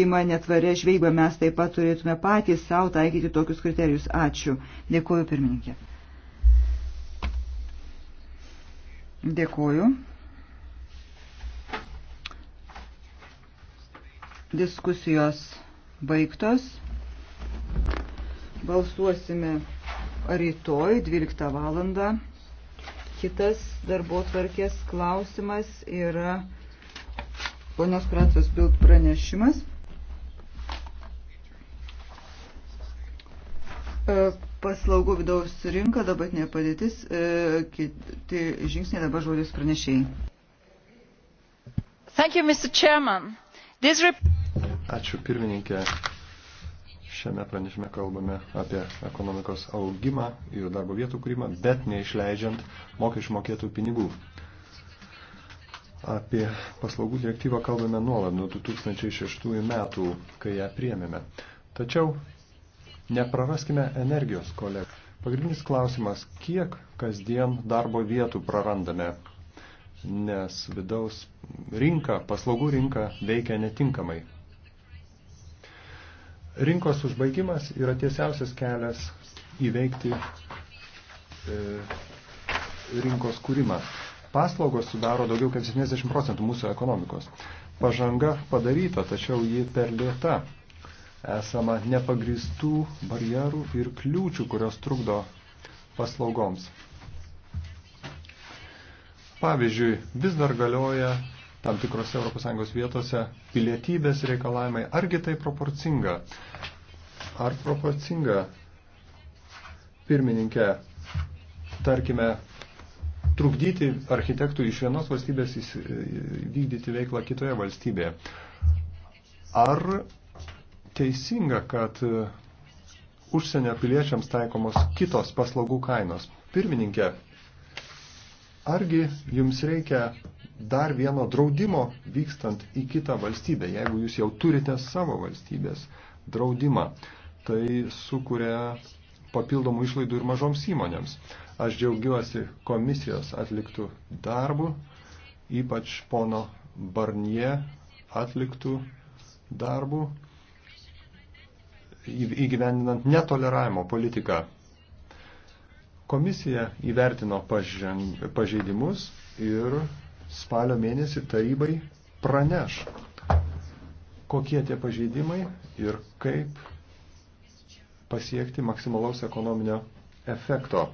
užsima netvarę žvejybą, mes taip pat turėtume patys savo taikyti tokius kriterijus. Ačiū. Dėkuoju, pirmininkė. Dėkuoju. Diskusijos baigtos. Balsuosime rytoj 12 valandą. Kitas darbo tvarkės klausimas yra ponios Pratos Bild pranešimas. E, paslaugų vidaus rinka, dabartinė padėtis, e, kiti žingsniai dabar žodis pranešėjai. Ačiū pirmininkė. Šiame pranešime kalbame apie ekonomikos augimą ir darbo vietų kūrimą, bet neišleidžiant mokesčių mokėtų pinigų. Apie paslaugų direktyvą kalbame nuolat nuo 2006 metų, kai ją priemėme. Tačiau Nepraraskime energijos, kolegai. Pagrindinis klausimas, kiek kasdien darbo vietų prarandame, nes vidaus rinka, paslaugų rinka veikia netinkamai. Rinkos užbaigimas yra tiesiausias kelias įveikti e, rinkos kūrimą. Paslaugos sudaro daugiau kaip 70 procentų mūsų ekonomikos. Pažanga padaryta, tačiau ji per lėta esama nepagristų barjerų ir kliūčių, kurios trukdo paslaugoms. Pavyzdžiui, vis dar galioja tam tikrose ES vietose pilietybės reikalavimai. Argi tai proporcinga? Ar proporcinga pirmininkė, tarkime, trukdyti architektų iš vienos valstybės vykdyti veiklą kitoje valstybėje? Ar teisinga, kad e, užsienio piliečiams taikomos kitos paslaugų kainos. Pirmininkė, argi jums reikia dar vieno draudimo vykstant į kitą valstybę, jeigu jūs jau turite savo valstybės draudimą, tai sukuria papildomų išlaidų ir mažoms įmonėms. Aš džiaugiuosi komisijos atliktų darbų, ypač pono Barnie atliktų darbų įgyvendinant netoleravimo politiką. Komisija įvertino pažeidimus ir spalio mėnesį tarybai praneš, kokie tie pažeidimai ir kaip pasiekti maksimalaus ekonominio efekto.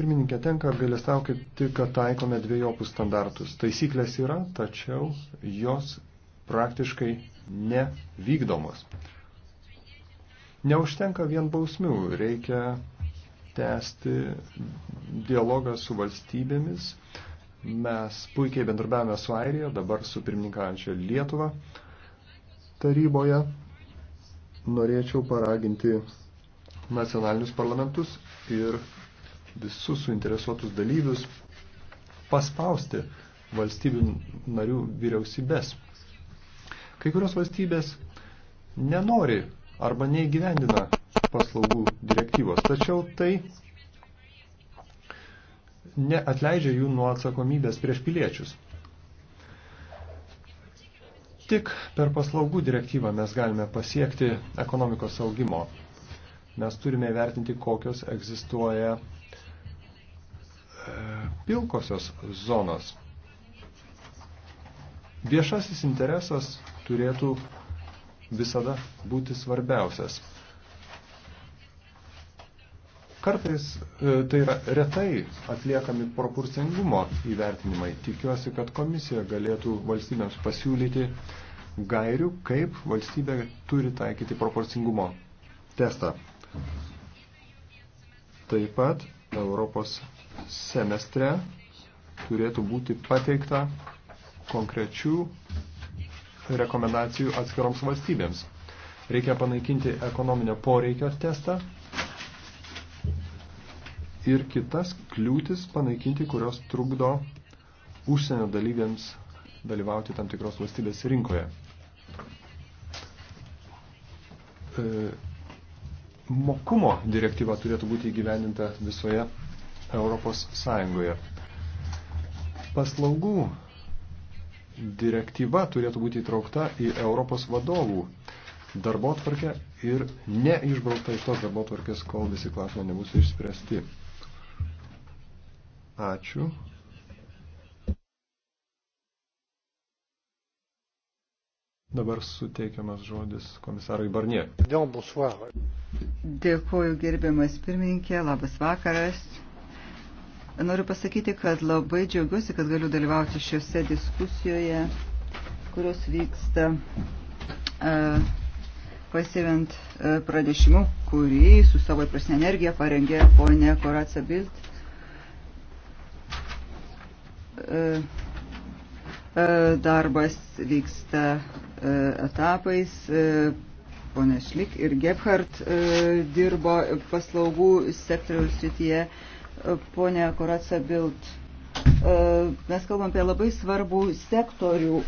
Pirmininkė tenka apgailestaukyti, kad taikome dviejopus standartus. Taisyklės yra, tačiau jos praktiškai nevykdomos. Neužtenka vien bausmių, reikia tęsti dialogą su valstybėmis. Mes puikiai bendrabiavome su Airija, dabar su pirmininkaujančia Lietuva taryboje. Norėčiau paraginti nacionalinius parlamentus ir visus suinteresuotus dalyvius paspausti valstybių narių vyriausybės. Kai kurios valstybės nenori arba neįgyvendina paslaugų direktyvos. Tačiau tai neatleidžia jų nuo atsakomybės prieš piliečius. Tik per paslaugų direktyvą mes galime pasiekti ekonomikos augimo. Mes turime vertinti, kokios egzistuoja e, pilkosios zonos. Viešasis interesas turėtų visada būti svarbiausias. Kartais e, tai yra retai atliekami proporcingumo įvertinimai. Tikiuosi, kad komisija galėtų valstybėms pasiūlyti gairių, kaip valstybė turi taikyti proporcingumo testą. Taip pat Europos semestre turėtų būti pateikta konkrečių rekomendacijų atskiroms valstybėms. Reikia panaikinti ekonominio poreikio testą ir kitas kliūtis panaikinti, kurios trukdo užsienio dalyviams dalyvauti tam tikros valstybės rinkoje. E, mokumo direktyva turėtų būti įgyvendinta visoje Europos Sąjungoje. Paslaugų direktyva turėtų būti įtraukta į Europos vadovų darbo tvarkę ir neišbraukta iš tos darbo tvarkės, kol visi klausimai nebus išspręsti. Ačiū. Dabar suteikiamas žodis komisarai Barnie. Dėkuoju gerbiamas pirmininkė, labas vakaras. Noriu pasakyti, kad labai džiaugiuosi, kad galiu dalyvauti šiuose diskusijoje, kurios vyksta e, pasirint e, pranešimu, kurį su savo įprasne energija parengė ponė Koracija Bilt. E, darbas vyksta etapais. Pone Šlik ir Gebhardt dirbo paslaugų sektoriaus srityje ponė Koratsa Bild. E, mes kalbam apie labai svarbų sektorių,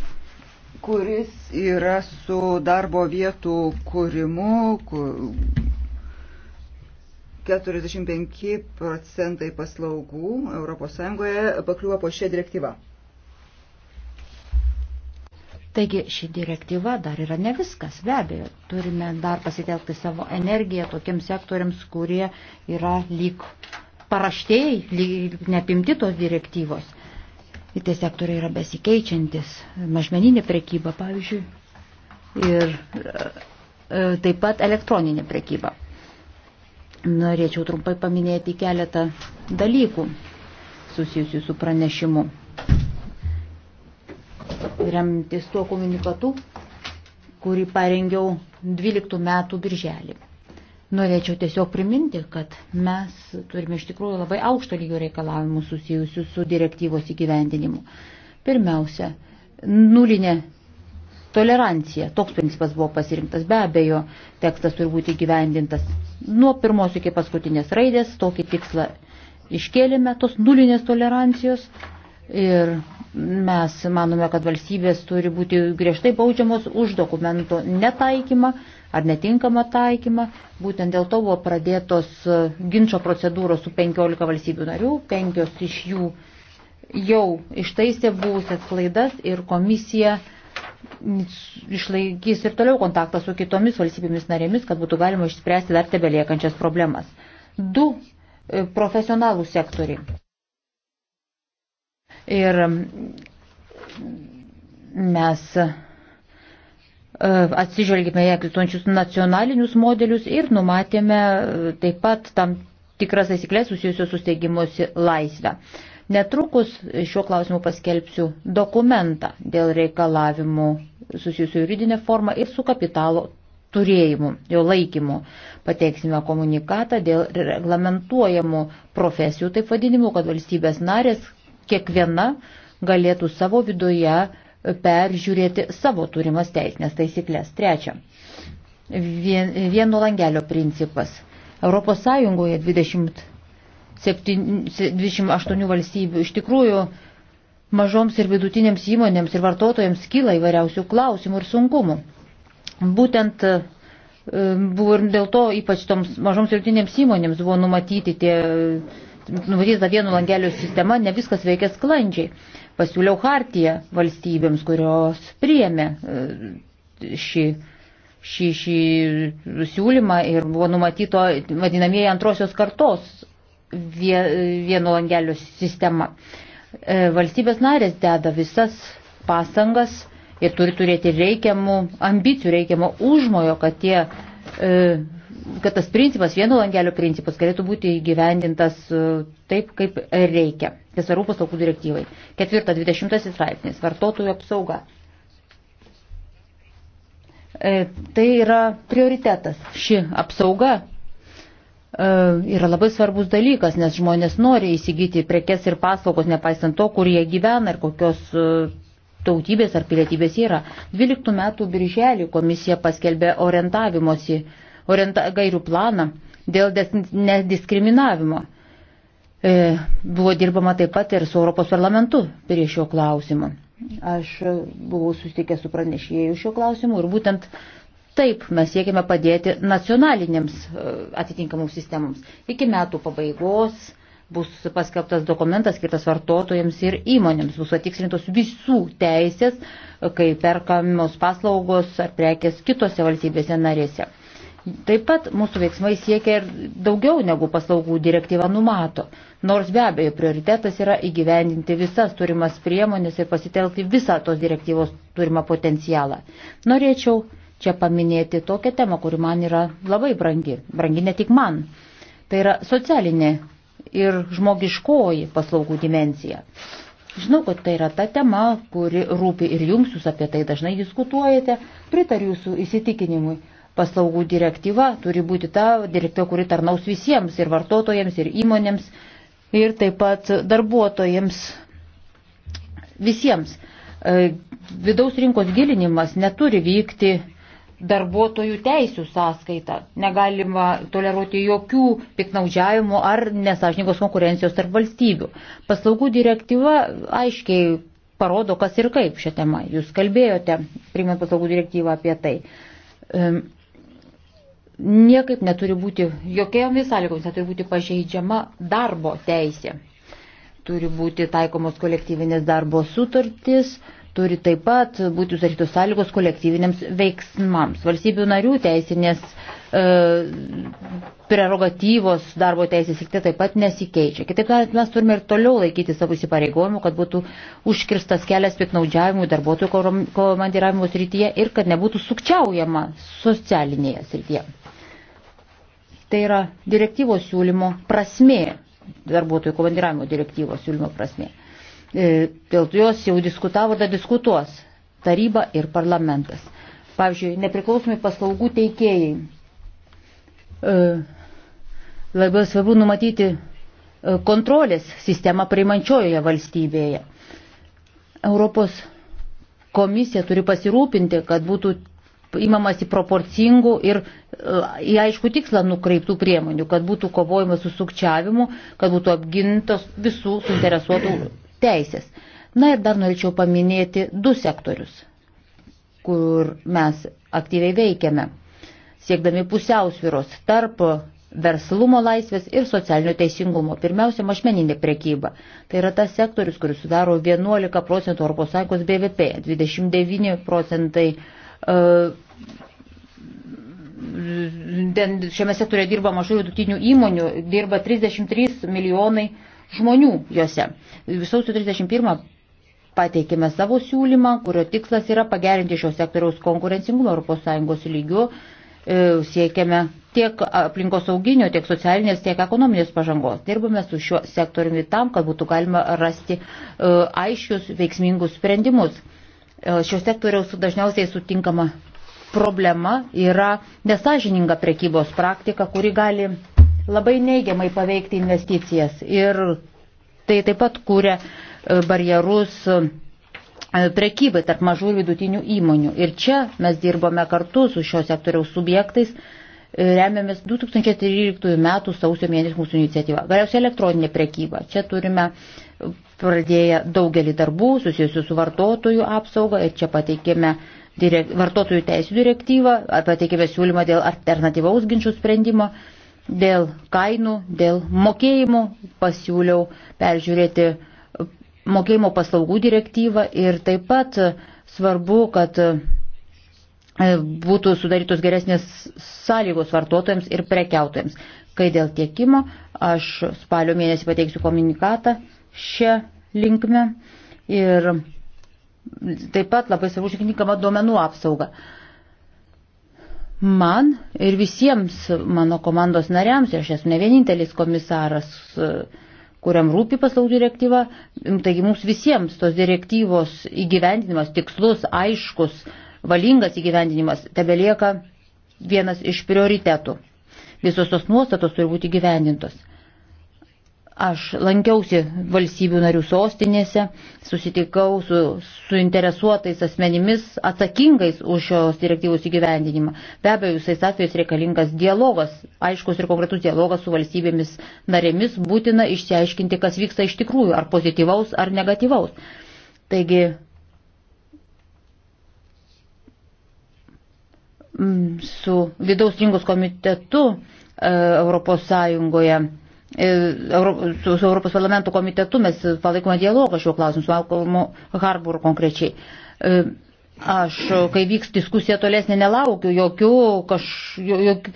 kuris yra su darbo vietų kūrimu, kur 45 procentai paslaugų ES pakliuvo po šią direktyvą. Taigi ši direktyva dar yra ne viskas, be abejo, turime dar pasitelkti savo energiją tokiems sektoriams, kurie yra lyg paraštėjai, neapimti tos direktyvos. Ir tie sektoriai yra besikeičiantis. Mažmeninė prekyba, pavyzdžiui, ir e, taip pat elektroninė prekyba. Norėčiau trumpai paminėti keletą dalykų susijusių su pranešimu. Remtis tuo komunikatu, kurį parengiau 12 metų birželį. Norėčiau tiesiog priminti, kad mes turime iš tikrųjų labai aukšto lygio reikalavimų susijusių su direktyvos įgyvendinimu. Pirmiausia, nulinė tolerancija. Toks principas buvo pasirinktas. Be abejo, tekstas turi būti įgyvendintas nuo pirmos iki paskutinės raidės. Tokį tikslą iškėlėme, tos nulinės tolerancijos. Ir mes manome, kad valstybės turi būti griežtai baudžiamos už dokumento netaikymą ar netinkamą taikymą. Būtent dėl to buvo pradėtos e, ginčio procedūros su 15 valstybių narių, penkios iš jų jau ištaisė buvusias klaidas ir komisija išlaikys ir toliau kontaktą su kitomis valstybėmis narėmis, kad būtų galima išspręsti dar tebeliekančias problemas. Du e, profesionalų sektoriai. Ir mm, mes E, atsižvelgime į egzistuojančius nacionalinius modelius ir numatėme e, taip pat tam tikras taisyklės susijusios su steigimuosi laisvę. Netrukus šiuo klausimu paskelbsiu dokumentą dėl reikalavimų susijusių juridinę formą ir su kapitalo turėjimu, jo laikymu. Pateiksime komunikatą dėl reglamentuojamų profesijų, taip vadinimų, kad valstybės narės kiekviena galėtų savo viduje peržiūrėti savo turimas teisinės taisyklės. Trečia, vien, vieno langelio principas. Europos Sąjungoje 20, 28 valstybių iš tikrųjų mažoms ir vidutinėms įmonėms ir vartotojams kyla įvairiausių klausimų ir sunkumų. Būtent e, buvo ir dėl to ypač toms mažoms ir vidutinėms įmonėms buvo numatyti tie, numatyta vieno langelio sistema, ne viskas veikia sklandžiai. Pasiūliau hartiją valstybėms, kurios priėmė e, šį, šį, šį siūlymą ir buvo numatyto vadinamieji antrosios kartos vieno langelio sistema. E, valstybės narės deda visas pastangas ir turi turėti reikiamų ambicijų, reikiamo užmojo, kad tie e, kad tas principas, vieno langelio principas galėtų būti įgyvendintas e, taip, kaip reikia. Tiesvarų paslaugų direktyvai. Ketvirta, dvidešimtasis straipsnis. Vartotojų apsauga. E, tai yra prioritetas. Ši apsauga e, yra labai svarbus dalykas, nes žmonės nori įsigyti prekes ir paslaugos, nepaisant to, kur jie gyvena ir kokios e, tautybės ar pilietybės yra. 12 metų birželį komisija paskelbė orientavimosi e, orienta, gairių planą dėl nediskriminavimo. E, buvo dirbama taip pat ir su Europos parlamentu prie šio klausimo. Aš buvau susitikęs su pranešėjų šio klausimu ir būtent taip mes siekime padėti nacionalinėms e, atitinkamoms sistemoms. Iki metų pabaigos bus paskelbtas dokumentas skirtas vartotojams ir įmonėms, bus atikslintos visų teisės, e, kai perkamos paslaugos ar prekės kitose valstybėse narėse. Taip pat mūsų veiksmai siekia ir daugiau negu paslaugų direktyva numato, nors be abejo prioritetas yra įgyvendinti visas turimas priemonės ir pasitelkti visą tos direktyvos turimą potencialą. Norėčiau čia paminėti tokią temą, kuri man yra labai brangi, brangi ne tik man. Tai yra socialinė ir žmogiškoji paslaugų dimensija. Žinau, kad tai yra ta tema, kuri rūpi ir jums, jūs apie tai dažnai diskutuojate, pritariu jūsų įsitikinimui paslaugų direktyva turi būti ta direktyva, kuri tarnaus visiems ir vartotojams, ir įmonėms, ir taip pat darbuotojams visiems. E, vidaus rinkos gilinimas neturi vykti darbuotojų teisų sąskaita. Negalima toleruoti jokių piknaudžiavimų ar nesažininkos konkurencijos tarp valstybių. Paslaugų direktyva aiškiai parodo, kas ir kaip šią temą. Jūs kalbėjote, primant paslaugų direktyvą apie tai niekaip neturi būti, jokiomis sąlygomis neturi būti pažeidžiama darbo teisė. Turi būti taikomos kolektyvinės darbo sutartys, turi taip pat būti užsakytos sąlygos kolektyviniams veiksmams. Valstybių narių teisinės e, prerogatyvos darbo teisės ir tai taip pat nesikeičia. Kitaip tariant, mes turime ir toliau laikyti savo įsipareigojimų, kad būtų užkirstas kelias piknaudžiavimui darbuotojų komandiravimo srityje ir kad nebūtų sukčiaujama socialinėje srityje. Tai yra direktyvos siūlymo prasmė, darbuotojų komandiravimo direktyvos siūlymo prasmė. E, dėl jos jau diskutavo, da diskutuos taryba ir parlamentas. Pavyzdžiui, nepriklausomi paslaugų teikėjai. E, Labai svarbu numatyti e, kontrolės sistemą priimančiojoje valstybėje. Europos komisija turi pasirūpinti, kad būtų imamasi proporcingų ir e, į aišku tikslą nukreiptų priemonių, kad būtų kovojama su sukčiavimu, kad būtų apgintos visų suinteresuotų teisės. Na ir dar norėčiau paminėti du sektorius, kur mes aktyviai veikiame, siekdami pusiausviros tarp verslumo laisvės ir socialinio teisingumo. Pirmiausia, mažmeninė prekyba. Tai yra tas sektorius, kuris sudaro 11 procentų ES BVP, 29 procentai Šiame sektorėje dirba mažų vidutinių įmonių, dirba 33 milijonai žmonių juose. Visausio 31 pateikėme savo siūlymą, kurio tikslas yra pagerinti šio sektoriaus konkurencingumą ES lygiu. E, siekiame tiek aplinkos sauginio, tiek socialinės, tiek ekonominės pažangos. Dirbame su šiuo sektoriumi tam, kad būtų galima rasti e, aiškius, veiksmingus sprendimus. E, šio sektoriaus dažniausiai sutinkama problema yra nesažininga prekybos praktika, kuri gali labai neigiamai paveikti investicijas. Ir tai taip pat kūrė e, barjerus e, prekybai tarp mažų ir vidutinių įmonių. Ir čia mes dirbome kartu su šio sektoriaus subjektais, remiamės 2013 m. sausio mėnesį mūsų iniciatyvą. Galiausiai elektroninė prekyba. Čia turime pradėję daugelį darbų susijusių su vartotojų apsauga ir čia pateikėme direk, vartotojų teisų direktyvą, pateikėme siūlymą dėl alternatyvaus ginčių sprendimo, dėl kainų, dėl mokėjimų, pasiūliau peržiūrėti mokėjimo paslaugų direktyvą ir taip pat svarbu, kad būtų sudarytos geresnės sąlygos vartotojams ir prekiautojams. Kai dėl tiekimo, aš spalio mėnesį pateiksiu komunikatą šią linkmę ir taip pat labai svarbu užtikrinkama duomenų apsauga. Man ir visiems mano komandos nariams, aš esu ne vienintelis komisaras, kuriam rūpi paslaugų direktyva, taigi mums visiems tos direktyvos įgyvendinimas, tikslus, aiškus, valingas įgyvendinimas, tebelieka vienas iš prioritetų. Visos tos nuostatos turi būti gyvendintos. Aš lankiausi valstybių narių sostinėse, susitikau su suinteresuotais asmenimis atsakingais už šios direktyvos įgyvendinimą. Be abejo, visais atvejais reikalingas dialogas, aiškus ir konkretus dialogas su valstybėmis narėmis, būtina išsiaiškinti, kas vyksta iš tikrųjų, ar pozityvaus, ar negatyvaus. Taigi, mm, su vidaus rinkos komitetu e, Europos Sąjungoje E, su, su Europos parlamento komitetu mes palaikome dialogą šiuo klausimu, su Alkomu Harbour konkrečiai. E, aš, kai vyks diskusija tolesnė, nelaukiu jokių, kaž,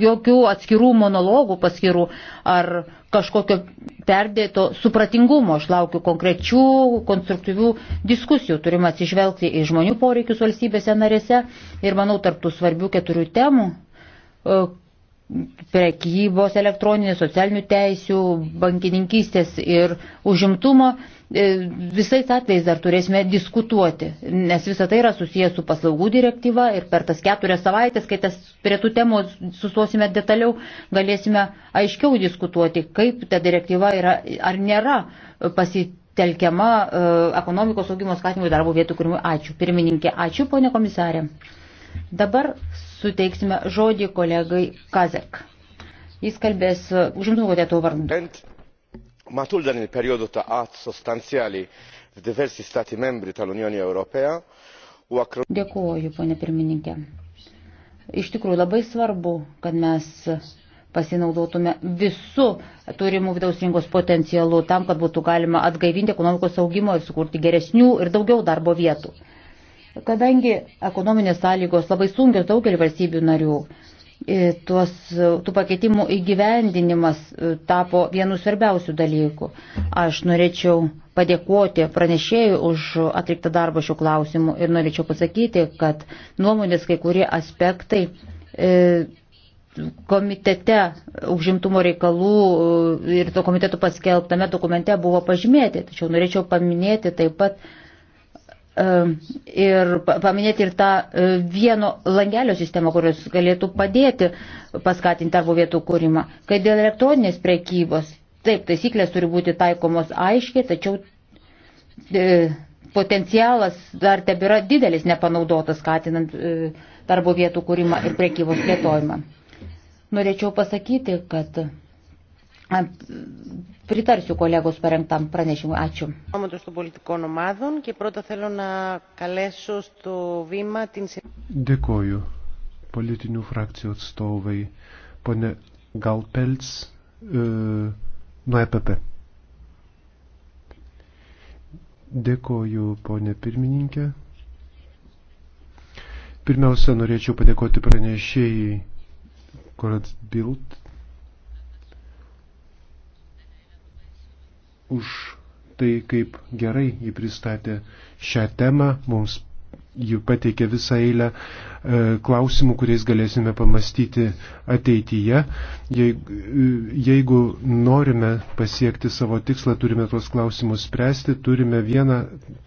jokių atskirų monologų paskirų ar kažkokio perdėto supratingumo. Aš laukiu konkrečių, konstruktyvių diskusijų. Turime atsižvelgti į žmonių poreikius valstybėse narėse ir, manau, tarptų svarbių keturių temų, e, prekybos elektroninės, socialinių teisių, bankininkystės ir užimtumo, e, visais atvejais dar turėsime diskutuoti, nes visa tai yra susijęs su paslaugų direktyva ir per tas keturias savaitės, kai tas prie tų temų sustosime detaliau, galėsime aiškiau diskutuoti, kaip ta direktyva yra ar nėra pasitelkiama e, ekonomikos augimo skatinimui darbo vietų kūrimui. Ačiū. Pirmininkė, ačiū, ponė komisarė. Dabar suteiksime žodį kolegai Kazek. Jis kalbės uh, užimtumo komiteto vardu. Matul dan il-periodu ta' għat sostanzjali f'diversi stati membri tal-Unjoni Ewropea u akro... Dėkuoju, ponė pirmininkė. Iš tikrųjų labai svarbu, kad mes pasinaudotume visų turimų vidaus rinkos potencialų tam, kad būtų galima atgaivinti ekonomikos augimo ir sukurti geresnių ir daugiau darbo vietų. Kadangi ekonominės sąlygos labai sunkios daugelį valstybių narių, e, tuos, tų pakeitimų įgyvendinimas e, tapo vienu svarbiausių dalykų. Aš norėčiau padėkoti pranešėjui už atliktą darbą šių klausimų ir norėčiau pasakyti, kad nuomonės kai kurie aspektai e, komitete užimtumo reikalų ir to komiteto paskelbtame dokumente buvo pažymėti. Tačiau norėčiau paminėti taip pat Ehm, ir paminėti ir tą e, vieno langelio sistemą, kurios galėtų padėti paskatinti darbo vietų kūrimą. Kai dėl elektroninės prekybos, taip, taisyklės turi būti taikomos aiškiai, tačiau e, potencialas dar tebėra didelis nepanaudotas, skatinant e, darbo vietų kūrimą ir prekybos plėtojimą. Norėčiau pasakyti, kad Pritarsiu kolegos parengtam pranešimui. Ačiū. Dėkoju politinių frakcijų atstovai. Pone Galpelts e, nuo EPP. Dėkoju, ponė pirmininkė. Pirmiausia, norėčiau padėkoti pranešėjai Korat Bild už tai, kaip gerai jį pristatė šią temą. Mums jų pateikė visą eilę e, klausimų, kuriais galėsime pamastyti ateityje. Jeigu norime pasiekti savo tikslą, turime tuos klausimus spręsti, turime vieną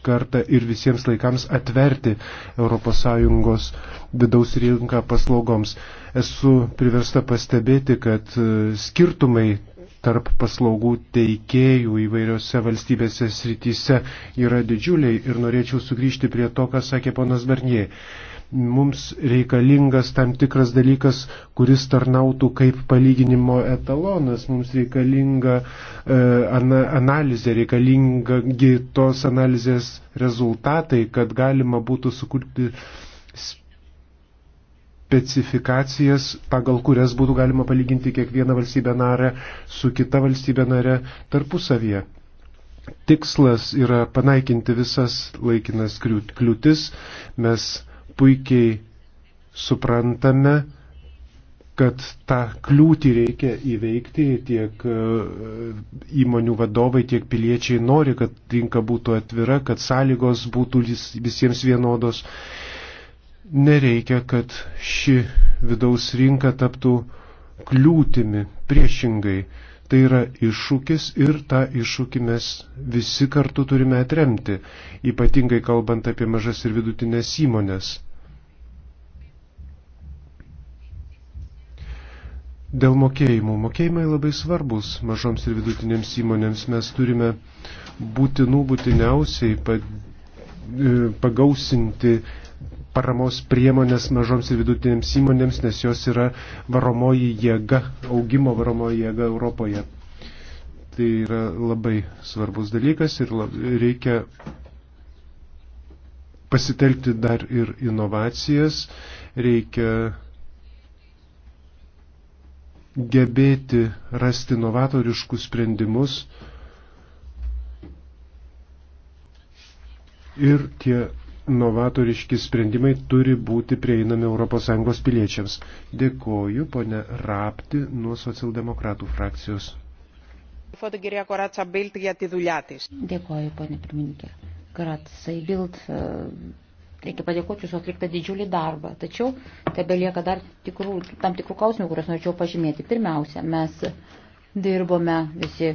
kartą ir visiems laikams atverti ES vidaus rinką paslaugoms. Esu priversta pastebėti, kad e, skirtumai tarp paslaugų teikėjų įvairiose valstybėse srityse yra didžiuliai ir norėčiau sugrįžti prie to, ką sakė ponas Bernie. Mums reikalingas tam tikras dalykas, kuris tarnautų kaip palyginimo etalonas, mums reikalinga e, ana, analizė, reikalinga tos analizės rezultatai, kad galima būtų sukurti specifikacijas, pagal kurias būtų galima palyginti kiekvieną valstybę narę su kita valstybė narė tarpusavyje. Tikslas yra panaikinti visas laikinas kliūtis. Mes puikiai suprantame, kad tą kliūtį reikia įveikti, tiek e, įmonių vadovai, tiek piliečiai nori, kad rinka būtų atvira, kad sąlygos būtų visiems vienodos Nereikia, kad ši vidaus rinka taptų kliūtimi, priešingai. Tai yra iššūkis ir tą iššūkį mes visi kartu turime atremti, ypatingai kalbant apie mažas ir vidutinės įmonės. Dėl mokėjimų. Mokėjimai labai svarbus mažoms ir vidutinėms įmonėms. Mes turime būtinų būtiniausiai e, pagausinti paramos priemonės mažoms ir vidutinėms įmonėms, nes jos yra varomoji jėga, augimo varomoji jėga Europoje. Tai yra labai svarbus dalykas ir lab, reikia pasitelkti dar ir inovacijas, reikia gebėti rasti novatoriškus sprendimus ir tie novatoriški sprendimai turi būti prieinami ES piliečiams. Dėkoju, ponė Rapti, nuo socialdemokratų frakcijos. Dėkoju, ponė pirmininkė. Karatsai Bild, e, reikia padėkoti, jūs atlikta didžiulį darbą. Tačiau tebelieka dar tikrų, tam tikrų klausimų, kuriuos norėčiau pažymėti. Pirmiausia, mes dirbome visi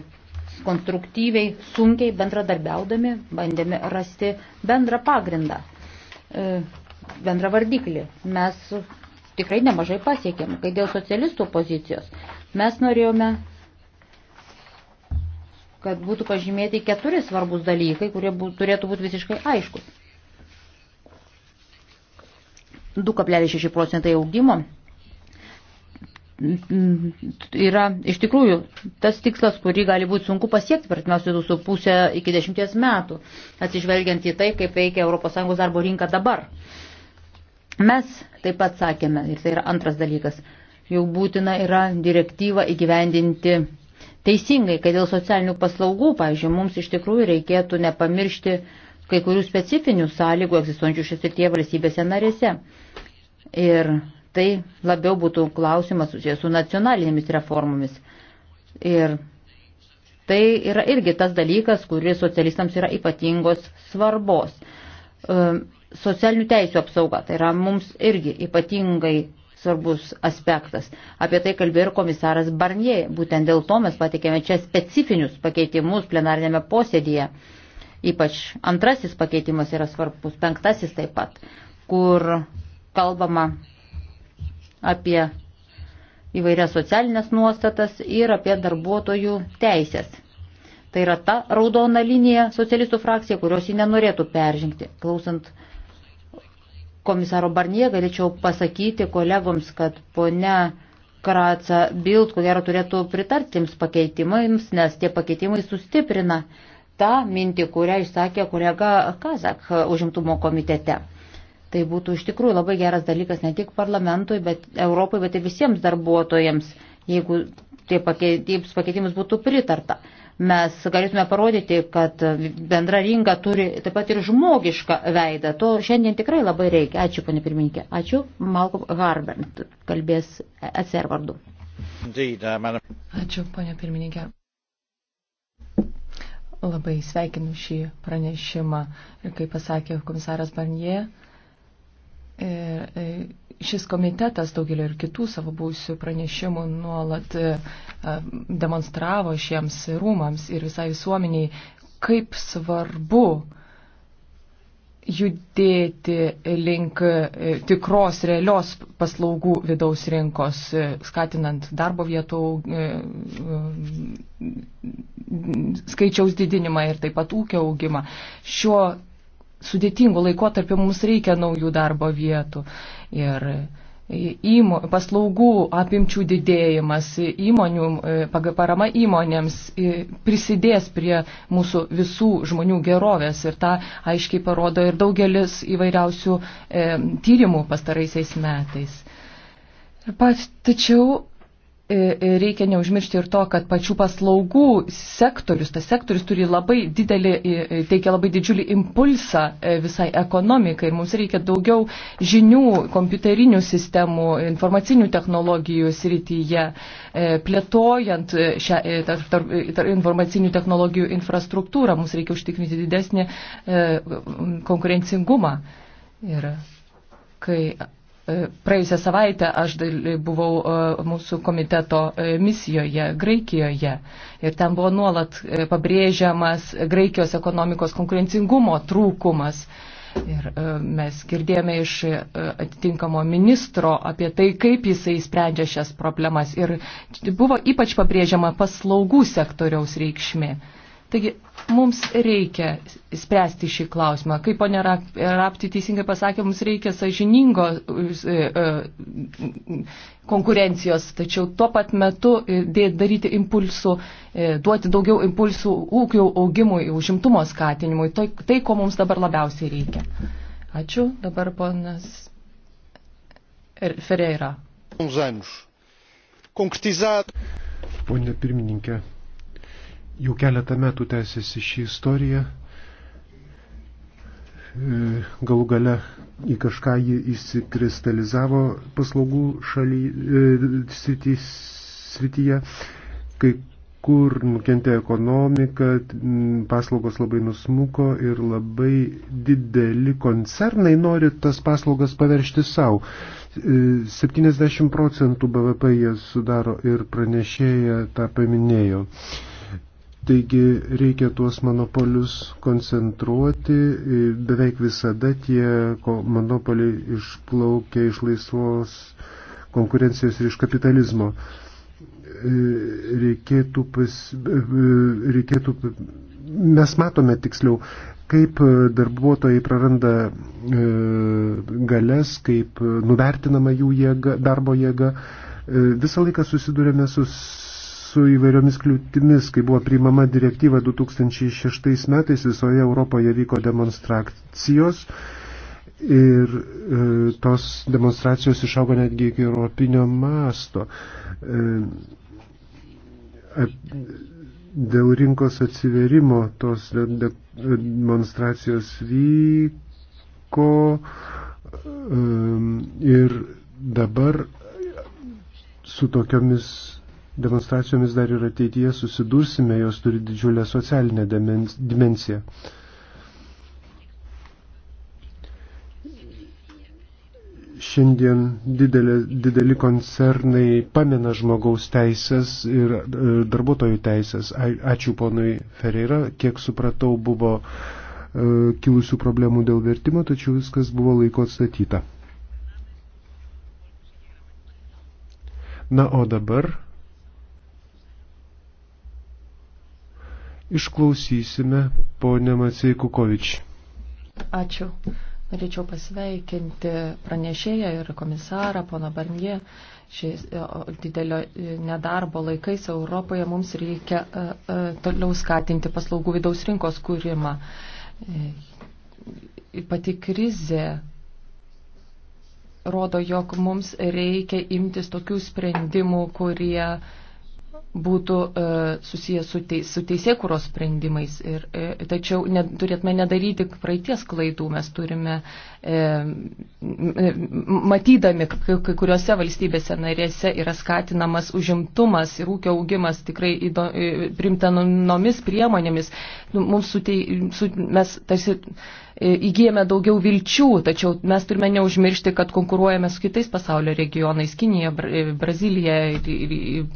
konstruktyviai, sunkiai bendradarbiaudami bandėme rasti bendrą pagrindą, e, bendrą vardiklį. Mes tikrai nemažai pasiekėm, kai dėl socialistų pozicijos mes norėjome kad būtų pažymėti keturi svarbus dalykai, kurie bū, turėtų būti visiškai aiškus. 2,6 procentai augimo yra iš tikrųjų tas tikslas, kurį gali būti sunku pasiekti per atmiausius su pusę iki dešimties metų, atsižvelgiant į tai, kaip veikia ES darbo rinka dabar. Mes taip pat sakėme, ir tai yra antras dalykas, jau būtina yra direktyvą įgyvendinti teisingai, kad dėl socialinių paslaugų, pavyzdžiui, mums iš tikrųjų reikėtų nepamiršti kai kurių specifinių sąlygų egzistuojančių šiose tie valstybėse narėse. Ir Tai labiau būtų klausimas susijęs su nacionalinėmis reformomis. Ir tai yra irgi tas dalykas, kuris socialistams yra ypatingos svarbos. E, socialinių teisų apsauga tai yra mums irgi ypatingai svarbus aspektas. Apie tai kalbėjo ir komisaras Barnier. Būtent dėl to mes patikėme čia specifinius pakeitimus plenarinėme posėdėje. Ypač antrasis pakeitimas yra svarbus, penktasis taip pat, kur kalbama apie įvairias socialinės nuostatas ir apie darbuotojų teisės. Tai yra ta raudona linija socialistų frakcija, kurios ji nenorėtų peržengti. Klausant komisaro Barnie, galėčiau pasakyti kolegoms, kad ponia Kratsa Bild, ko gero, turėtų pritarti tiems pakeitimams, nes tie pakeitimai sustiprina tą mintį, kurią išsakė kolega Kazak užimtumo komitete. Tai būtų iš tikrųjų labai geras dalykas ne tik parlamentui, bet Europai, bet ir visiems darbuotojams, jeigu tie pakeitimus būtų pritarta. Mes galėtume parodyti, kad bendra rinka turi taip pat ir žmogišką veidą. To šiandien tikrai labai reikia. Ačiū, ponė pirmininkė. Ačiū, Malcolm Harben kalbės atsir e vardu. Ačiū, ponė pirmininkė. Labai sveikinu šį pranešimą ir kaip pasakė komisaras Barnier, Ir e, e, šis komitetas daugelio ir kitų savo būsių pranešimų nuolat e, demonstravo šiems rūmams ir visai visuomeniai, kaip svarbu judėti link tikros, realios paslaugų vidaus rinkos, skatinant darbo vietų skaičiaus didinimą ir taip pat ūkio augimą. Šiuo sudėtingų laikotarpių mums reikia naujų darbo vietų. Ir įmo, paslaugų apimčių didėjimas, įmonių, parama įmonėms prisidės prie mūsų visų žmonių gerovės ir tą aiškiai parodo ir daugelis įvairiausių e, tyrimų pastaraisiais metais. Pat, tačiau E, e, reikia neužmiršti ir to, kad pačių paslaugų sektorius, tas sektorius turi labai didelį, e, teikia labai didžiulį impulsą visai ekonomikai ir mums reikia daugiau žinių kompiuterinių sistemų, informacinių technologijų srityje, plėtojant šią tarp, tarp, tarp, informacinių technologijų infrastruktūrą, mums reikia užtikrinti didesnį konkurencingumą. Ir kai E, praėjusią savaitę aš buvau e, mūsų komiteto e, misijoje Graikijoje ir ten buvo nuolat pabrėžiamas Graikijos ekonomikos konkurencingumo trūkumas. Ir mes girdėjome iš atitinkamo ministro apie tai, kaip jisai sprendžia šias problemas. Ir buvo ypač pabrėžiama paslaugų sektoriaus reikšmė. Taigi mums reikia spręsti šį klausimą. Kaip ponė Rapti teisingai pasakė, mums reikia sažiningo e, e, konkurencijos, tačiau tuo pat metu e, daryti impulsų, duoti daugiau impulsų ūkių augimui, užimtumo skatinimui, tai, tai ko mums dabar labiausiai reikia. Ačiū. Dabar ponas er-, Ferreira. Pone pirmininkė, Jau keletą metų tęsiasi šį istoriją. E, galų gale į kažką jį įsikristalizavo paslaugų šaly, e, srityje. Kai kur nukentė ekonomika, paslaugos labai nusmuko ir labai dideli koncernai nori tas paslaugas paveršti savo. 70 e, procentų BVP jie sudaro ir pranešėja tą paminėjo. E, Taigi reikia tuos monopolius koncentruoti, e, beveik visada tie monopoliai išplaukia iš laisvos konkurencijos ir iš kapitalizmo. E, reikėtų, pas, e, reikėtų mes matome tiksliau, kaip darbuotojai praranda e, galės, kaip nuvertinama jų jėga, darbo jėga. E, visą laiką susidurėme su su įvairiomis kliūtimis, kai buvo priimama direktyva 2006 metais, visoje Europoje vyko demonstracijos ir e, tos demonstracijos išaugo netgi iki europinio masto. E, ap, dėl rinkos atsiverimo tos demonstracijos vyko e, ir dabar su tokiomis demonstracijomis dar ir ateityje susidursime, jos turi didžiulę socialinę dimenciją. Šiandien didelė, dideli koncernai pamina žmogaus teisės ir e, darbuotojų teisės. Ačiū ponui Ferreira, kiek supratau, buvo e, kilusių problemų dėl vertimo, tačiau viskas buvo laiko atstatyta. Na, o dabar Išklausysime ponę Macei Kukovič. Ačiū. Norėčiau pasveikinti pranešėją ir komisarą, poną Barnie. Šiais e, didelio e, nedarbo laikais Europoje mums reikia e, toliau skatinti paslaugų vidaus rinkos kūrimą. Pati krizė rodo, jog mums reikia imtis tokių sprendimų, kurie būtų e, susijęs su, teis, su teisėkuros sprendimais. Ir, e, tačiau ne, turėtume nedaryti praeities klaidų. Mes turime, e, matydami, kai kuriuose valstybėse narėse yra skatinamas užimtumas ir ūkio augimas tikrai įdo, e, primtanomis priemonėmis, nu, mums sutei, su, mes tarsi E, įgyjame daugiau vilčių, tačiau mes turime neužmiršti, kad konkuruojame su kitais pasaulio regionais - Kinija, e, Brazilija ir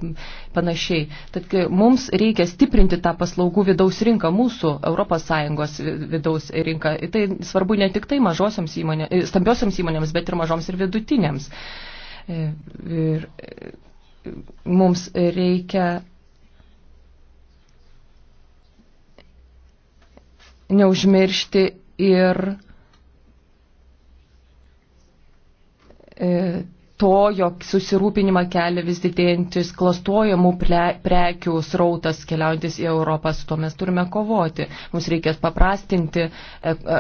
panašiai. Tad e, mums reikia stiprinti tą paslaugų vidaus rinką, mūsų ES vidaus rinką. Tai svarbu ne tik tai mažosioms įmonėms, stambiosioms įmonėms, bet ir mažoms ir vidutinėms. Ir mums reikia neužmiršti ir e, to, jog susirūpinimą kelia vis didėjantis klastojamų prekių srautas keliaujantis į Europą, su to mes turime kovoti. Mums reikės paprastinti e,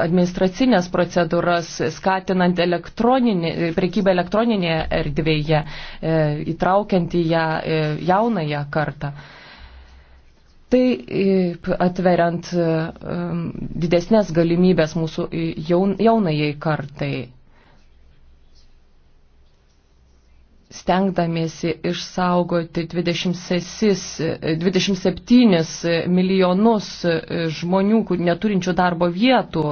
administracinės procedūras, skatinant elektroninį, prekybę elektroninėje erdvėje, e, įtraukiant į ją jaunąją kartą. Tai e, atveriant e, didesnės galimybės mūsų e, jaunajai kartai stengdamiesi išsaugoti 26, 27 milijonus žmonių, kur neturinčių darbo vietų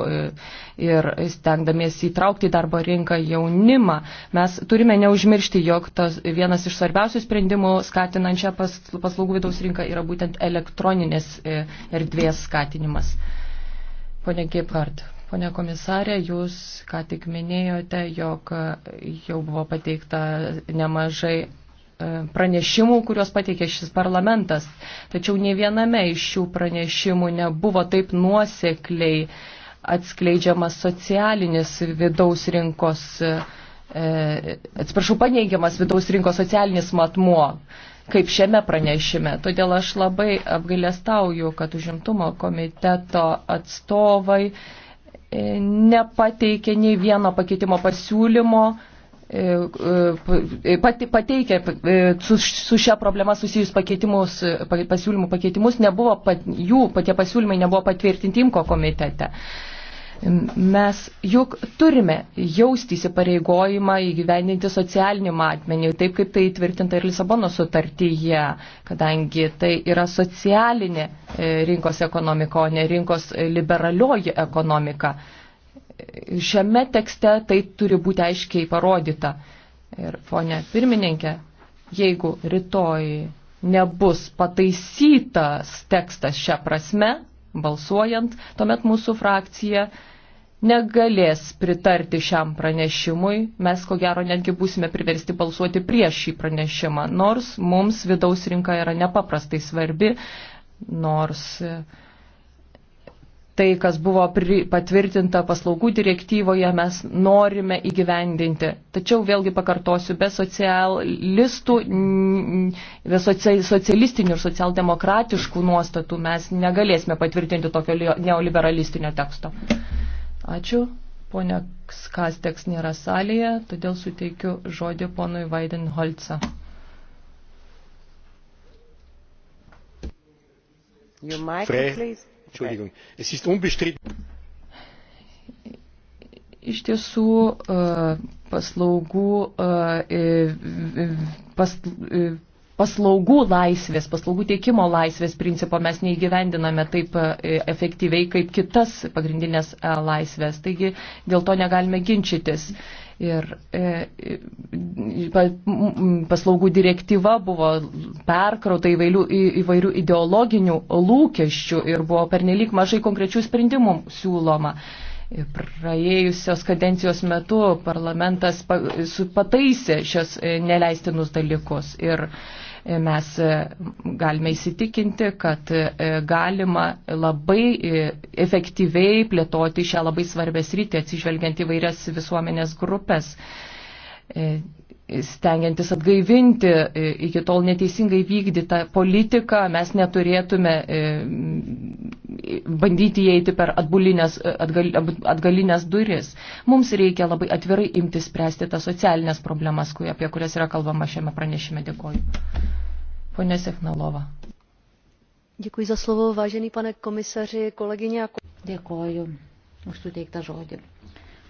ir stengdamiesi įtraukti į darbo rinką jaunimą, mes turime neužmiršti, jog tas vienas iš svarbiausių sprendimų skatinančią paslaugų vidaus rinką yra būtent elektroninės e, erdvės skatinimas. Pone Gephardt. Pone komisarė, jūs ką tik minėjote, jog jau buvo pateikta nemažai e, pranešimų, kuriuos pateikė šis parlamentas. Tačiau ne viename iš šių pranešimų nebuvo taip nuosekliai atskleidžiamas socialinis vidaus rinkos, e, atsiprašau, paneigiamas vidaus rinkos socialinis matmuo kaip šiame pranešime. Todėl aš labai apgailestauju, kad užimtumo komiteto atstovai E, nepateikė nei vieno pakeitimo pasiūlymo, e, e, pateikė su, su šia problema susijus pakeitimus, pasiūlymų pakeitimus, nebuvo, jų patie pasiūlymai nebuvo patvirtinti imko komitete. Mes juk turime jausti įsipareigojimą įgyvendinti socialinį matmenį, taip kaip tai tvirtinta ir Lisabono sutartyje, kadangi tai yra socialinė e, rinkos ekonomika, o ne rinkos e, liberalioji ekonomika. E, šiame tekste tai turi būti aiškiai parodyta. Ir ponė pirmininkė, jeigu rytoj nebus pataisytas tekstas šią prasme, balsuojant, tuomet mūsų frakcija negalės pritarti šiam pranešimui. Mes, ko gero, netgi būsime priversti balsuoti prieš šį pranešimą, nors mums vidaus rinka yra nepaprastai svarbi, nors uh, tai, kas buvo patvirtinta paslaugų direktyvoje, mes norime įgyvendinti. Tačiau vėlgi pakartosiu, be socialistų, be socialistinių ir socialdemokratiškų nuostatų mes negalėsime patvirtinti tokio neoliberalistinio teksto. Ačiū. Pone Skasteks nėra salėje, todėl suteikiu žodį ponui Vaidenholca. Your mic, please. Entschuldigung. Es ist unbestritten. Iš tiesų e, paslaugų, e, e, pas, paslaugų laisvės, paslaugų teikimo laisvės principo mes neįgyvendiname taip efektyviai kaip kitas pagrindinės laisvės. Taigi dėl to negalime ginčytis. Ir e, paslaugų direktyva buvo perkrauta įvairių, įvairių ideologinių lūkesčių ir buvo pernelyg mažai konkrečių sprendimų siūloma. E, praėjusios kadencijos metu parlamentas pataisė šios e, neleistinus dalykus. Ir, uh, mes e, galime įsitikinti, kad e, galima labai e, efektyviai plėtoti šią labai svarbę sritį, atsižvelgiant įvairias visuomenės grupės stengiantis atgaivinti e, iki tol neteisingai vykdytą politiką, mes neturėtume e, bandyti įeiti per atbulinės, e, atgal, atgalinės duris. Mums reikia labai atvirai imti spręsti tas socialinės problemas, apie kurias yra kalbama šiame pranešime. Dėkoju. Pone Sechnalova. Děkuji za slovo, vážený pane komisaři, kolegyně a kolegy. Dėkoju už suteiktą žodį.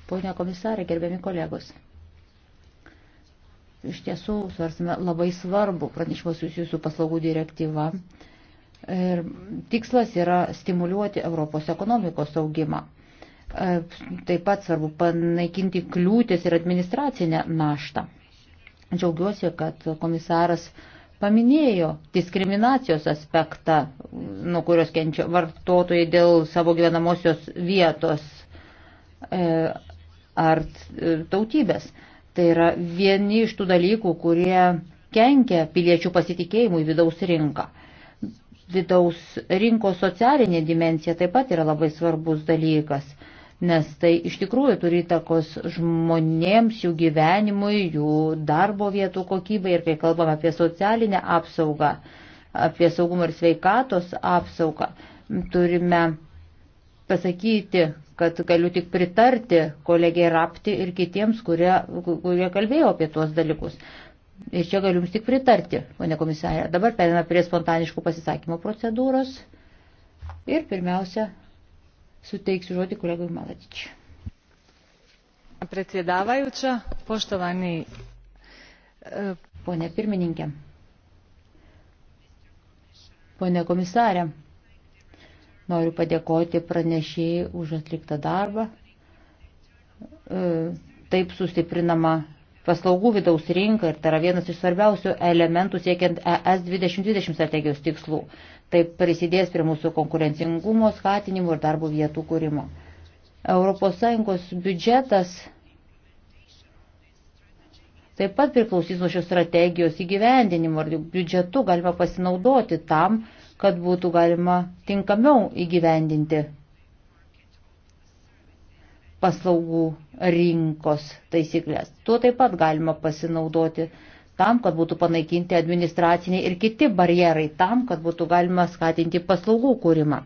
Pone komisarė, gerbiami kolegos iš tiesų svarsime labai svarbu pranešimą susijusių paslaugų direktyva. Ir tikslas yra stimuliuoti Europos ekonomikos augimą. E, taip pat svarbu panaikinti kliūtis ir administracinę naštą. Džiaugiuosi, kad komisaras paminėjo diskriminacijos aspektą, nuo kurios kenčia vartotojai dėl savo gyvenamosios vietos e, ar tautybės. Tai yra vieni iš tų dalykų, kurie kenkia piliečių pasitikėjimui vidaus rinką. Vidaus rinkos socialinė dimencija taip pat yra labai svarbus dalykas, nes tai iš tikrųjų turi įtakos žmonėms, jų gyvenimui, jų darbo vietų kokybai ir kai kalbam apie socialinę apsaugą, apie saugumą ir sveikatos apsaugą, turime pasakyti, kad galiu tik pritarti kolegiai Rapti ir kitiems, kurie, kurie kalbėjo apie tuos dalykus. Ir čia galiu jums tik pritarti, ponė komisarė. Dabar perėmė prie spontaniškų pasisakymų procedūros. Ir pirmiausia, suteiksiu žodį kolegui Malatičiui. Predsėdavajučia, poštovani. E, pone pirmininkė. Pone komisarė. Noriu padėkoti pranešėjai už atliktą darbą. E, taip sustiprinama paslaugų vidaus rinka ir tai yra vienas iš svarbiausių elementų siekiant ES 2020 strategijos tikslų. Taip prisidės prie mūsų konkurencingumo, skatinimo ir darbo vietų kūrimo. ES biudžetas taip pat priklausys nuo šios strategijos įgyvendinimo ir biudžetu galima pasinaudoti tam, kad būtų galima tinkamiau įgyvendinti paslaugų rinkos taisyklės. Tuo taip pat galima pasinaudoti tam, kad būtų panaikinti administraciniai ir kiti barjerai, tam, kad būtų galima skatinti paslaugų kūrimą.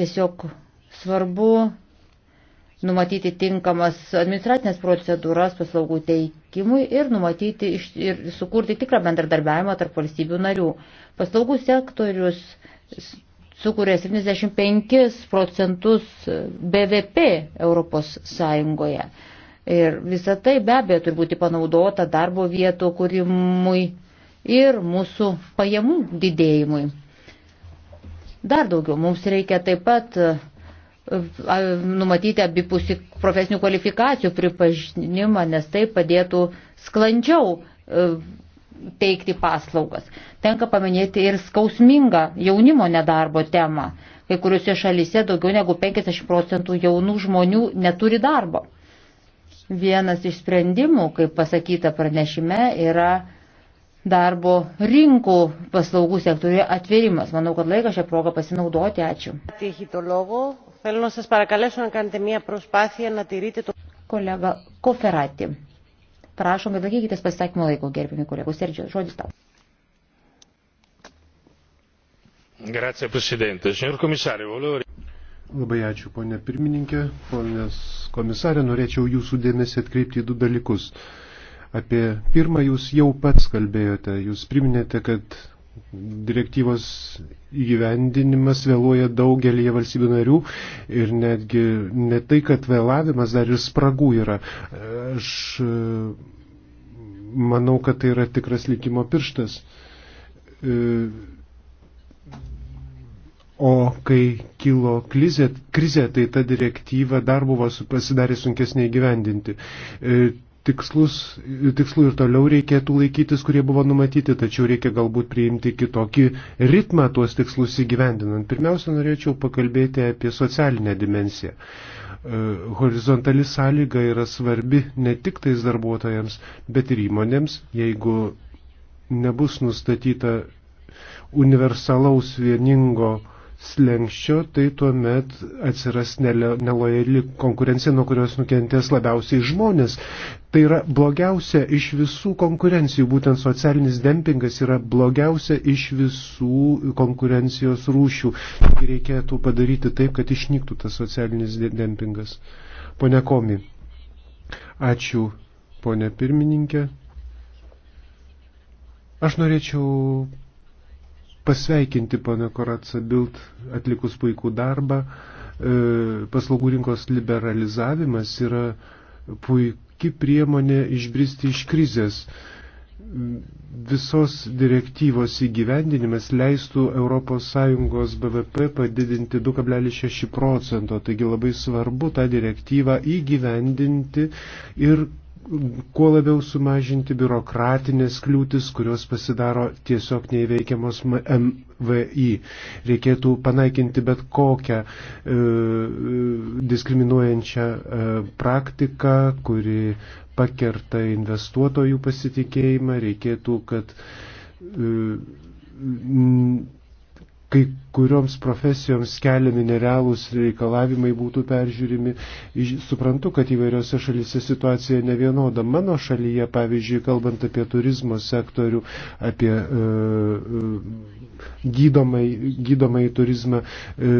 Tiesiog svarbu numatyti tinkamas administracinės procedūras paslaugų teikimui ir numatyti ir sukurti tikrą bendradarbiavimą tarp valstybių narių. Paslaugų sektorius sukuria 75 procentus BVP Europos Sąjungoje. Ir visa tai be abejo turi būti panaudota darbo vietų kūrimui ir mūsų pajamų didėjimui. Dar daugiau mums reikia taip pat numatyti abipusį profesinių kvalifikacijų pripažinimą, nes tai padėtų sklandžiau e, teikti paslaugas. Tenka paminėti ir skausmingą jaunimo nedarbo temą. Kai kuriuose šalyse daugiau negu 50 procentų jaunų žmonių neturi darbo. Vienas iš sprendimų, kaip pasakyta pranešime, yra darbo rinkų paslaugų sektoriuje atvėrimas. Manau, kad laikas šią progą pasinaudoti. Ačiū. Kolega Koferati. Prašom, kad laikykitės pasisakymo laiko, gerbimi kolegos. Sergio, žodis tau. Grazie, Presidente. Signor Komisario, volevo... Labai ačiū, ponė pirmininkė. Ponės komisarė, norėčiau jūsų dėmesį atkreipti į du dalykus. Apie pirmą jūs jau pats kalbėjote, jūs priminėte, kad direktyvos įgyvendinimas vėluoja daugelį valstybių narių ir netgi ne tai, kad vėlavimas dar ir spragų yra. Aš e, manau, kad tai yra tikras likimo pirštas. E, o kai kilo krizė, krizė tai ta direktyva dar buvo pasidarė sunkesnė įgyvendinti. E, tikslus, tikslų ir toliau reikėtų laikytis, kurie buvo numatyti, tačiau reikia galbūt priimti kitokį ritmą tuos tikslus įgyvendinant. Pirmiausia, norėčiau pakalbėti apie socialinę dimensiją. E, horizontali sąlyga yra svarbi ne tik tais darbuotojams, bet ir įmonėms, jeigu nebus nustatyta universalaus vieningo slengščio, tai tuomet atsiras nelojali konkurencija, nuo kurios nukentės labiausiai žmonės. Tai yra blogiausia iš visų konkurencijų, būtent socialinis dempingas yra blogiausia iš visų konkurencijos rūšių. Reikėtų padaryti taip, kad išnyktų tas socialinis dempingas. Pone Komi, ačiū, ponė pirmininkė. Aš norėčiau pasveikinti pana Koratsa Bild atlikus puikų darbą. E, paslaugų rinkos liberalizavimas yra puikia priemonė išbristi iš krizės. Visos direktyvos įgyvendinimas leistų ES BVP padidinti 2,6 procento, taigi labai svarbu tą direktyvą įgyvendinti ir kuo labiau sumažinti biurokratinės kliūtis, kurios pasidaro tiesiog neįveikiamos MVI. Reikėtų panaikinti bet kokią e, diskriminuojančią e, praktiką, kuri pakerta investuotojų pasitikėjimą. Reikėtų, kad e, kai kurioms profesijoms keliami nerealūs reikalavimai būtų peržiūrimi. Suprantu, kad įvairiose šalyse situacija nevienoda. Mano šalyje, pavyzdžiui, kalbant apie turizmo sektorių, apie e, e, gydomai, gydomai turizmą, e,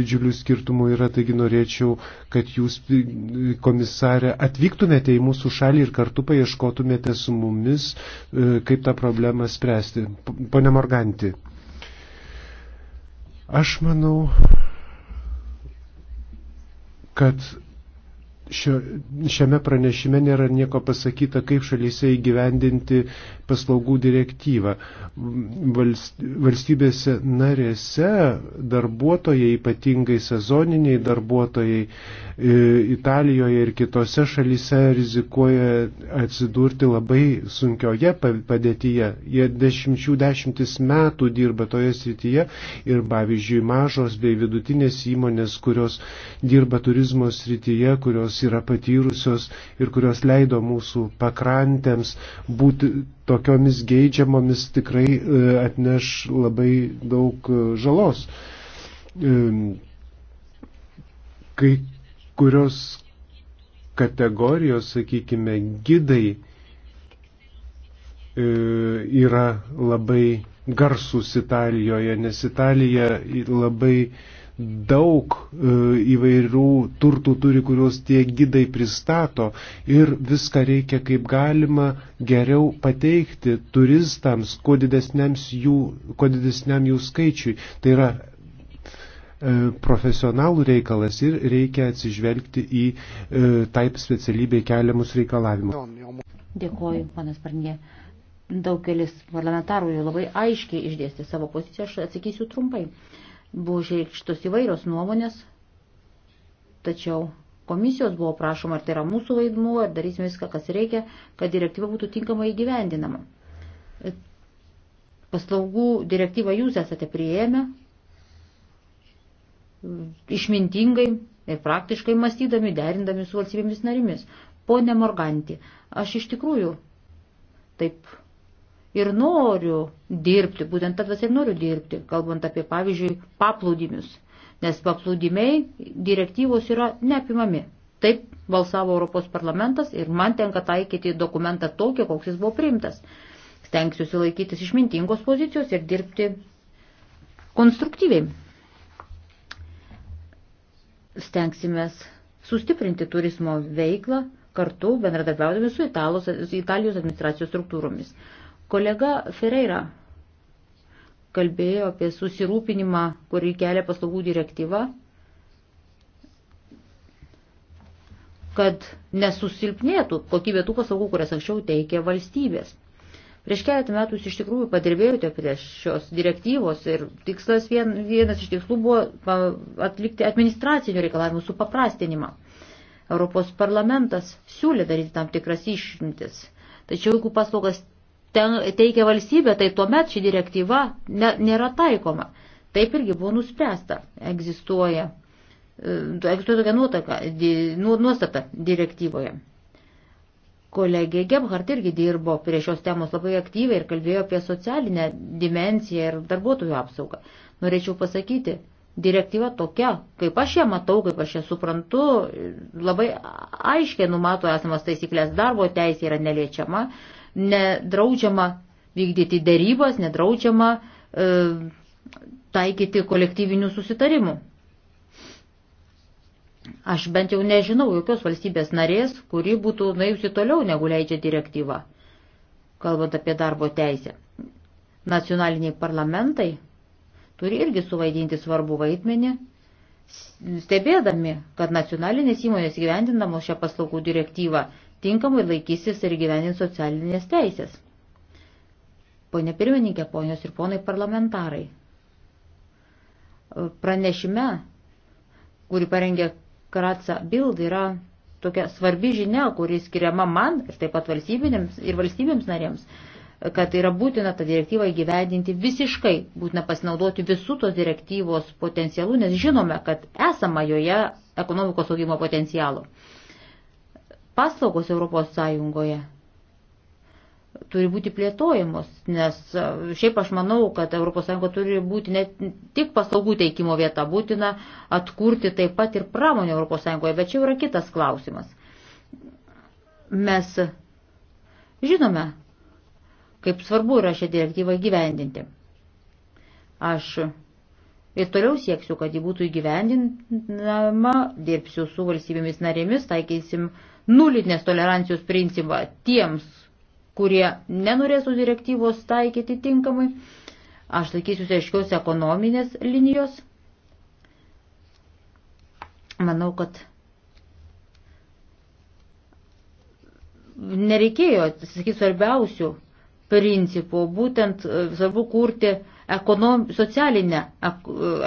didžiulių skirtumų yra, taigi norėčiau, kad jūs, komisarė, atvyktumėte į mūsų šalį ir kartu paieškotumėte su mumis, e, kaip tą problemą spręsti. Pone Morganti. Aš manau, kad šio, šiame pranešime nėra nieko pasakyta, kaip šalyse įgyvendinti paslaugų direktyvą. Valstybėse narėse darbuotojai, ypatingai sezoniniai darbuotojai e, Italijoje ir kitose šalyse rizikuoja atsidurti labai sunkioje padėtyje. Jie dešimčių dešimtis metų dirba toje srityje ir, pavyzdžiui, mažos bei vidutinės įmonės, kurios dirba turizmo srityje, kurios kurios yra patyrusios ir kurios leido mūsų pakrantėms būti tokiomis geidžiamomis, tikrai e, atneš labai daug e, žalos. E, kai kurios kategorijos, sakykime, gidai yra labai garsus Italijoje, nes Italija labai daug e, įvairių turtų turi, kuriuos tie gidai pristato ir viską reikia kaip galima geriau pateikti turistams, kuo, jų, kuo didesniam jų skaičiui. Tai yra e, profesionalų reikalas ir reikia atsižvelgti į e, taip specialybėj keliamus reikalavimus. Dėkoju, panas Parnė. Daugelis parlamentarų jau labai aiškiai išdėstė savo poziciją, aš atsakysiu trumpai. Buvo išreikštos įvairios nuomonės, tačiau komisijos buvo prašoma, ar tai yra mūsų vaidmuo, ar darysime viską, kas reikia, kad direktyva būtų tinkamai įgyvendinama. Paslaugų direktyvą jūs esate prieėmę išmintingai ir praktiškai mąstydami, derindami su valstybėmis narimis. Pone Morganti, aš iš tikrųjų taip ir noriu dirbti, būtent tad vas ir noriu dirbti, kalbant apie, pavyzdžiui, paplūdimius, nes paplūdimiai direktyvos yra neapimami. Taip balsavo Europos parlamentas ir man tenka taikyti dokumentą tokį, koks jis buvo priimtas. Stengsiuosi laikytis išmintingos pozicijos ir dirbti konstruktyviai. Stengsimės sustiprinti turizmo veiklą kartu bendradarbiaudami su Italos, Italijos administracijos struktūromis. Kolega Ferreira kalbėjo apie susirūpinimą, kurį kelia paslaugų direktyva, kad nesusilpnėtų kokybė tų paslaugų, kurias anksčiau teikė valstybės. Prieš keletą metų jūs iš tikrųjų padirbėjote prie šios direktyvos ir tikslas vien, vienas iš tikslų buvo atlikti administracinių reikalavimų supaprastinimą. Europos parlamentas siūlė daryti tam tikras išimtis. Tačiau jeigu paslaugas ten teikia valstybė, tai tuomet ši direktyva ne, nėra taikoma. Taip irgi buvo nuspręsta. Egzistuoja, e, egzistuoja tokia nuotaka, di, nu, nuostata direktyvoje. Kolegė Gebhardt irgi dirbo prie šios temos labai aktyviai ir kalbėjo apie socialinę dimenciją ir darbuotojų apsaugą. Norėčiau pasakyti, direktyva tokia, kaip aš ją matau, kaip aš ją suprantu, labai aiškiai numato esamas taisyklės darbo teisė yra neliečiama, nedraudžiama vykdyti dėrybas, nedraudžiama e, taikyti kolektyvinių susitarimų. Aš bent jau nežinau jokios valstybės narės, kuri būtų naivusi toliau negu leidžia direktyva, kalbant apie darbo teisę. Nacionaliniai parlamentai turi irgi suvaidinti svarbų vaidmenį, stebėdami, kad nacionalinės įmonės gyvendindamos šią paslaugų direktyvą tinkamai laikysis ir gyvenins socialinės teisės. Pone pirmininkė, ponios ir ponai parlamentarai. Pranešime, kurį parengė Karatsa Bild, yra tokia svarbi žinia, kuri skiriama man ir taip pat valstybėms ir valstybėms narėms, kad yra būtina tą direktyvą įgyvendinti visiškai, būtina pasinaudoti visų tos direktyvos potencialų, nes žinome, kad esama joje ekonomikos augimo potencialų. Paslaugos Europos Sąjungoje turi būti plėtojamos, nes e, šiaip aš manau, kad ES turi būti ne tik paslaugų teikimo vieta, būtina atkurti taip pat ir pramonę ES, bet čia yra kitas klausimas. Mes žinome, kaip svarbu yra šią direktyvą įgyvendinti. Aš ir toliau sieksiu, kad ji būtų įgyvendinama, dirbsiu su valstybėmis narėmis, taikysim uh, nulinės tolerancijos principą tiems, kurie nenorės tų direktyvos taikyti tinkamai. Aš sakysiu aiškios ekonominės linijos. Manau, kad nereikėjo, sakyt, svarbiausių principų, būtent e, svarbu kurti ekonom, socialinę e,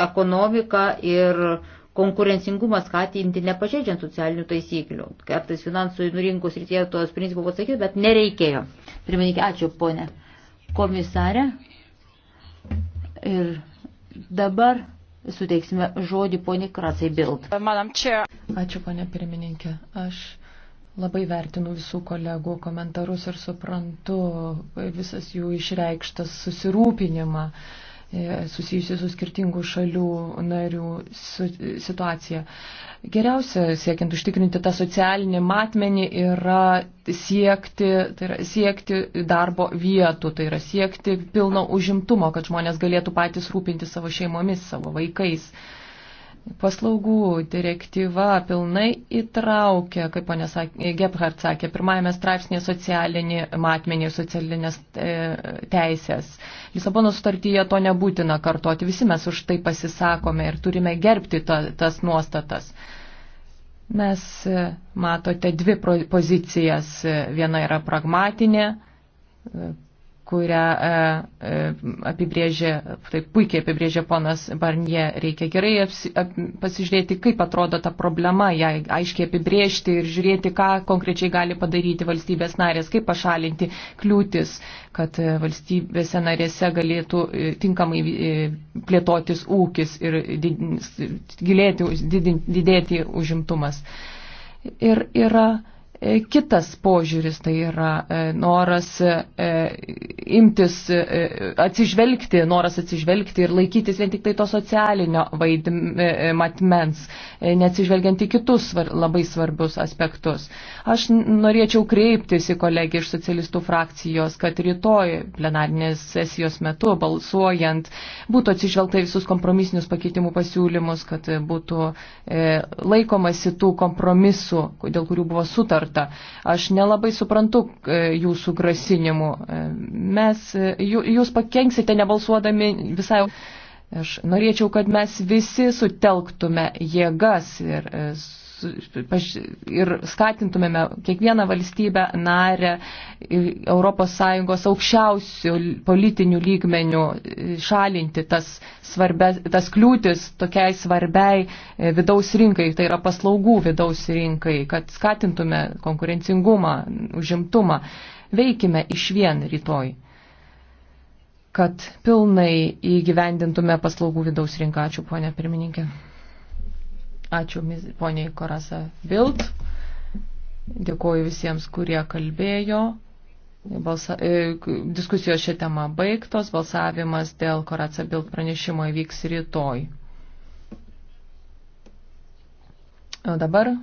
ekonomiką ir konkurencingumą skatinti nepažeidžiant socialinių taisyklių. Kartais finansų rinkos rytie tos principų pasakyti, bet nereikėjo. Pirmininkė, ačiū ponė komisarė. Ir dabar suteiksime žodį ponė Krasai Bild. Madam čia. Ačiū ponė pirmininkė. Aš labai vertinu visų kolegų komentarus ir suprantu visas jų išreikštas susirūpinimą. Uh, E, susijusi su skirtingų šalių narių situacija. Geriausia siekiant užtikrinti tą socialinį matmenį yra siekti, tai yra siekti darbo vietų, tai yra siekti pilno užimtumo, kad žmonės galėtų patys rūpinti savo šeimomis, savo vaikais paslaugų direktyva pilnai įtraukia, kaip ponė Gebhardt sakė, pirmajame straipsnėje socialinį matmenį, socialinės e, teisės. Lisabono sutartyje to nebūtina kartoti, visi mes už tai pasisakome ir turime gerbti ta, tas nuostatas. Mes e, matote dvi pozicijas, e, viena yra pragmatinė e, kurią e, e, apibrėžė, taip puikiai apibrėžė ponas Barnie, reikia gerai apsi, ap, pasižiūrėti, kaip atrodo ta problema, ją aiškiai apibrėžti ir žiūrėti, ką konkrečiai gali padaryti valstybės narės, kaip pašalinti kliūtis, kad e, valstybėse narėse galėtų tinkamai plėtotis ūkis ir didėti, didėti užimtumas. Ir yra E, kitas požiūris, tai yra e, noras e, imtis, atsižvelgti, noras atsižvelgti ir laikytis vien tik tai to socialinio matmens, neatsižvelgiant į kitus labai svarbius aspektus. Aš norėčiau kreiptis į kolegį iš socialistų frakcijos, kad rytoj plenarinės sesijos metu balsuojant būtų atsižvelgta visus kompromisinius pakeitimų pasiūlymus, kad būtų laikomasi tų kompromisų, dėl kurių buvo sutarta smurtą. Aš nelabai suprantu e, jūsų grasinimų. E, mes, e, jūs pakenksite nebalsuodami visai. Aš norėčiau, kad mes visi sutelktume jėgas ir ir skatintumėme kiekvieną valstybę narę ES aukščiausių politinių lygmenių e, šalinti tas, svarbia, tas kliūtis tokiai svarbiai e, vidaus rinkai, tai yra paslaugų vidaus rinkai, kad skatintume konkurencingumą, užimtumą. Veikime iš vien rytoj kad pilnai įgyvendintume paslaugų vidaus rinką. Ačiū, ponė pirmininkė. Ačiū poniai Korasa Bild. Dėkuoju visiems, kurie kalbėjo. Balsa, e, diskusijos šią temą baigtos. Balsavimas dėl Koraca Bild pranešimo įvyks rytoj. O dabar